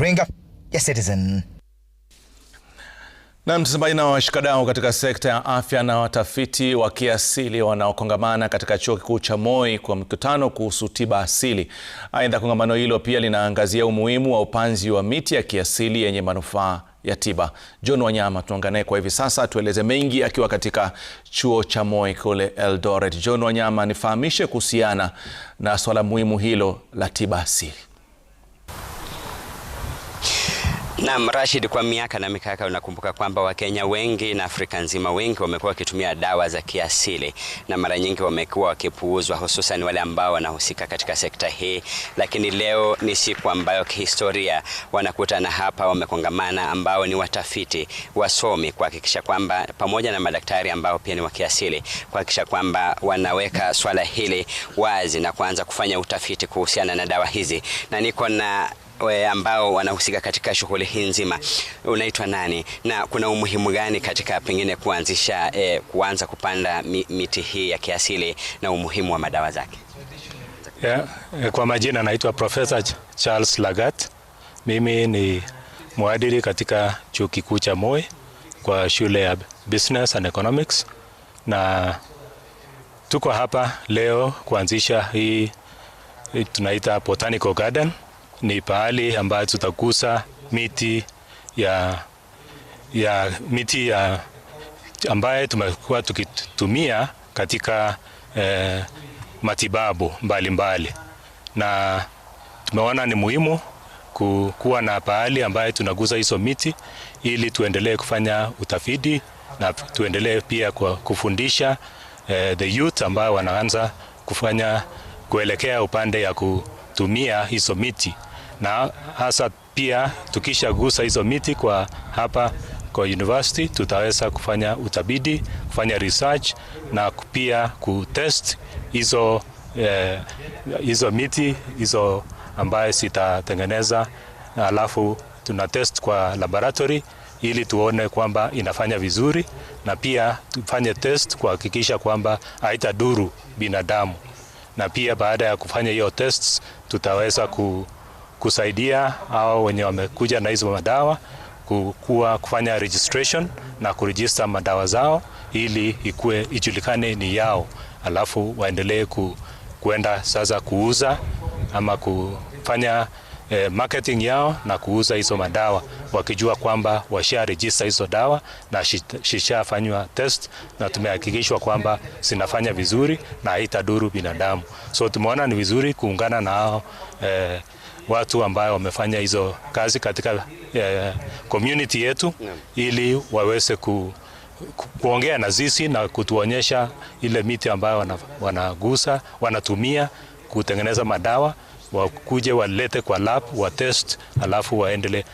Ringa ya Citizen. Na mtazamaji na washikadau katika sekta ya afya na watafiti wa kiasili wanaokongamana katika Chuo Kikuu cha Moi kwa mkutano kuhusu tiba asili. Aidha, kongamano hilo pia linaangazia umuhimu wa upanzi wa miti ya kiasili yenye manufaa ya tiba. John Wanyama tunaungana kwa hivi sasa, tueleze mengi akiwa katika Chuo cha Moi kule Eldoret. John Wanyama, nifahamishe kuhusiana na swala muhimu hilo la tiba asili. Naam, Rashid, kwa miaka na mikaka unakumbuka kwamba Wakenya wengi na Afrika nzima wengi wamekuwa wakitumia dawa za kiasili na mara nyingi wamekuwa wakipuuzwa, hususan wale ambao wanahusika katika sekta hii. Lakini leo ni siku ambayo kihistoria wanakutana hapa, wamekongamana, ambao ni watafiti, wasomi, kuhakikisha kwamba pamoja na madaktari ambao pia ni wa kiasili, kuhakikisha kwamba wanaweka swala hili wazi na kuanza kufanya utafiti kuhusiana na dawa hizi, na niko na Eh, ambao wanahusika katika shughuli hii nzima unaitwa nani na kuna umuhimu gani katika pengine kuanzisha eh, kuanza kupanda miti hii ya kiasili na umuhimu wa madawa zake? Yeah, eh, kwa majina naitwa Profesa Charles Lagat. Mimi ni mwadili katika chuo kikuu cha Moi kwa shule ya Business and Economics, na tuko hapa leo kuanzisha hii tunaita Botanical Garden ni pahali ambayo tutakusa miti ya, ya miti ya ambaye tumekuwa tukitumia katika eh, matibabu mbalimbali mbali. Na tumeona ni muhimu kuwa na pahali ambaye tunaguza hizo miti ili tuendelee kufanya utafiti na tuendelee pia kwa kufundisha eh, the youth ambao wanaanza kufanya kuelekea upande ya kutumia hizo miti na hasa pia tukishagusa hizo miti kwa hapa kwa university, tutaweza kufanya utabidi, kufanya research na pia kutest hizo eh, hizo miti hizo ambayo zitatengeneza, alafu tuna test kwa laboratory ili tuone kwamba inafanya vizuri, na pia tufanye test kuhakikisha kwamba haitadhuru binadamu, na pia baada ya kufanya hiyo tests tutaweza ku kusaidia hao wenye wamekuja na hizo madawa kukua, kufanya registration na kurejista madawa zao ili ikue ijulikane ni yao, alafu waendelee ku, kuenda sasa kuuza ama kufanya eh, marketing yao na kuuza hizo madawa wakijua kwamba washarejista hizo dawa na shishafanywa test na tumehakikishwa kwamba zinafanya vizuri na haitadhuru binadamu. So tumeona ni vizuri kuungana na hao eh, watu ambao wamefanya hizo kazi katika uh, community yetu ili waweze ku, ku, kuongea na sisi na kutuonyesha ile miti ambayo wanagusa wanatumia kutengeneza madawa wakuje walete kwa lab wa test, alafu waendelee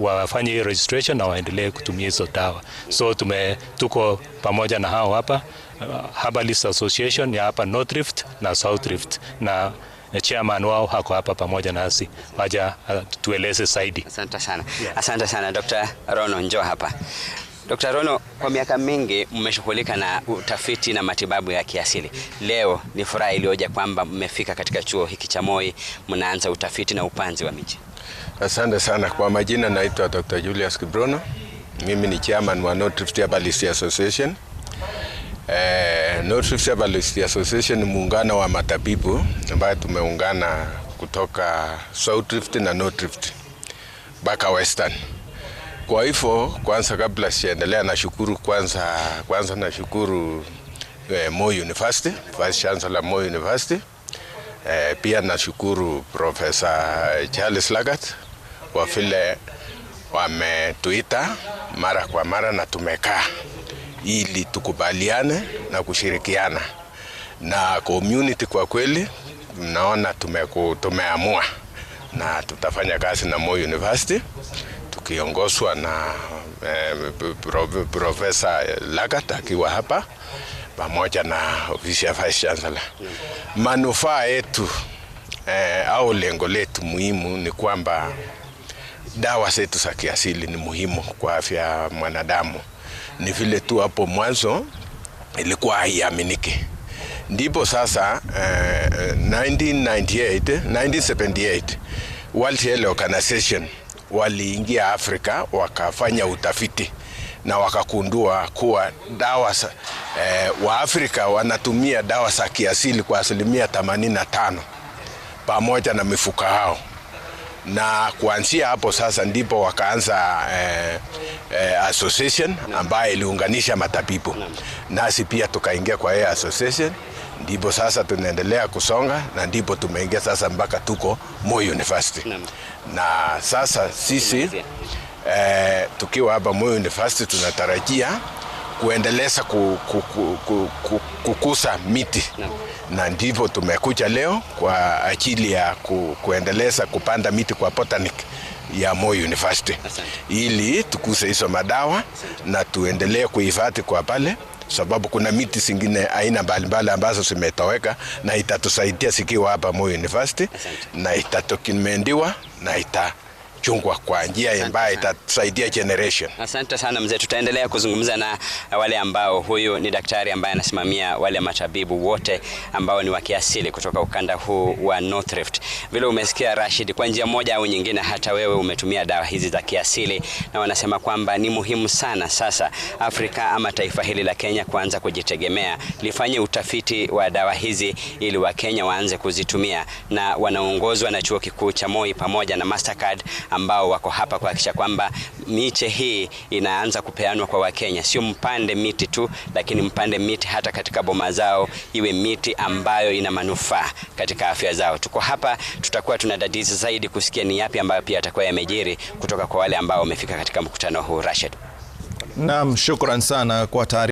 wafanye hiyo registration na waendelee kutumia hizo dawa. So tume, tuko pamoja na hao hapa uh, Herbalist Association ya hapa North Rift na South Rift na na chairman wao hako hapa pamoja nasi, waja uh, tueleze zaidi. Asante sana, yeah. Asante sana Dr. Rono, njoo hapa. Dr. Rono, kwa miaka mingi mmeshughulika na utafiti na matibabu ya kiasili. Leo ni furaha iliyoja kwamba mmefika katika chuo hiki cha Moi, mnaanza utafiti na upanzi wa miji. Asante sana. Kwa majina naitwa Dr. Julius Kibrono, mimi ni chairman wa North Rift Association. Eh, North Rift Association ni muungano wa matabibu ambayo tumeungana kutoka South Rift na North Rift mpaka Western. Kwa hivyo kwanza, kabla siendelea, nashukuru kwanza, kwanza nashukuru eh, Moi University, Vice Chancellor Moi University. Eh, pia nashukuru Profesa Charles Lagat kwa vile wametuita mara kwa mara na tumekaa ili tukubaliane na kushirikiana na community. Kwa kweli mnaona tumeku, tumeamua na tutafanya kazi na Moi University tukiongozwa na eh, Profesa Lagat akiwa hapa pamoja na ofisi ya Vice Chancellor. Manufaa yetu eh, au lengo letu muhimu ni kwamba dawa zetu za kiasili ni muhimu kwa afya ya mwanadamu ni vile tu hapo mwanzo ilikuwa haiaminiki. Ndipo sasa uh, 1998, 1978 World Health Organization waliingia Afrika wakafanya utafiti na wakakundua kuwa dawa eh, wa Afrika wanatumia dawa za kiasili kwa asilimia 85 pamoja na mifuka yao na kuanzia hapo sasa ndipo wakaanza eh, eh, association ambayo iliunganisha matabibu nasi pia tukaingia kwa hiyo association, ndipo sasa tunaendelea kusonga na ndipo tumeingia sasa mpaka tuko Moi University na, sasa sisi eh, tukiwa hapa Moi University tunatarajia kuendeleza ku, ku, ku, ku, ku, kukuza miti Na ndivyo tumekuja leo kwa ajili ya ku, kuendeleza kupanda miti kwa botanic ya Moi University ili tukuse hizo madawa Na tuendelee kuhifadhi kwa pale sababu kuna miti zingine aina mbalimbali ambazo zimetoweka na itatusaidia sikiwa hapa Moi University Asante. Na itatokimendiwa na itaa kuchungwa kwa njia ambayo itasaidia generation. Asante sana mzee, tutaendelea kuzungumza na wale ambao, huyu ni daktari ambaye anasimamia wale matabibu wote ambao ni wa kiasili kutoka ukanda huu wa North Rift. Vile umesikia Rashid, kwa njia moja au nyingine, hata wewe umetumia dawa hizi za kiasili, na wanasema kwamba ni muhimu sana sasa Afrika ama taifa hili la Kenya kuanza kujitegemea, lifanye utafiti wa dawa hizi ili Wakenya waanze kuzitumia, na wanaongozwa na chuo kikuu cha Moi pamoja na Mastercard ambao wako hapa kuhakikisha kwamba miche hii inaanza kupeanwa kwa Wakenya. Sio mpande miti tu, lakini mpande miti hata katika boma zao, iwe miti ambayo ina manufaa katika afya zao. Tuko hapa, tutakuwa tuna dadizi zaidi kusikia ni yapi ambayo pia yatakuwa yamejiri kutoka kwa wale ambao wamefika katika mkutano huu. Rashid, naam, shukran sana kwa taarifa.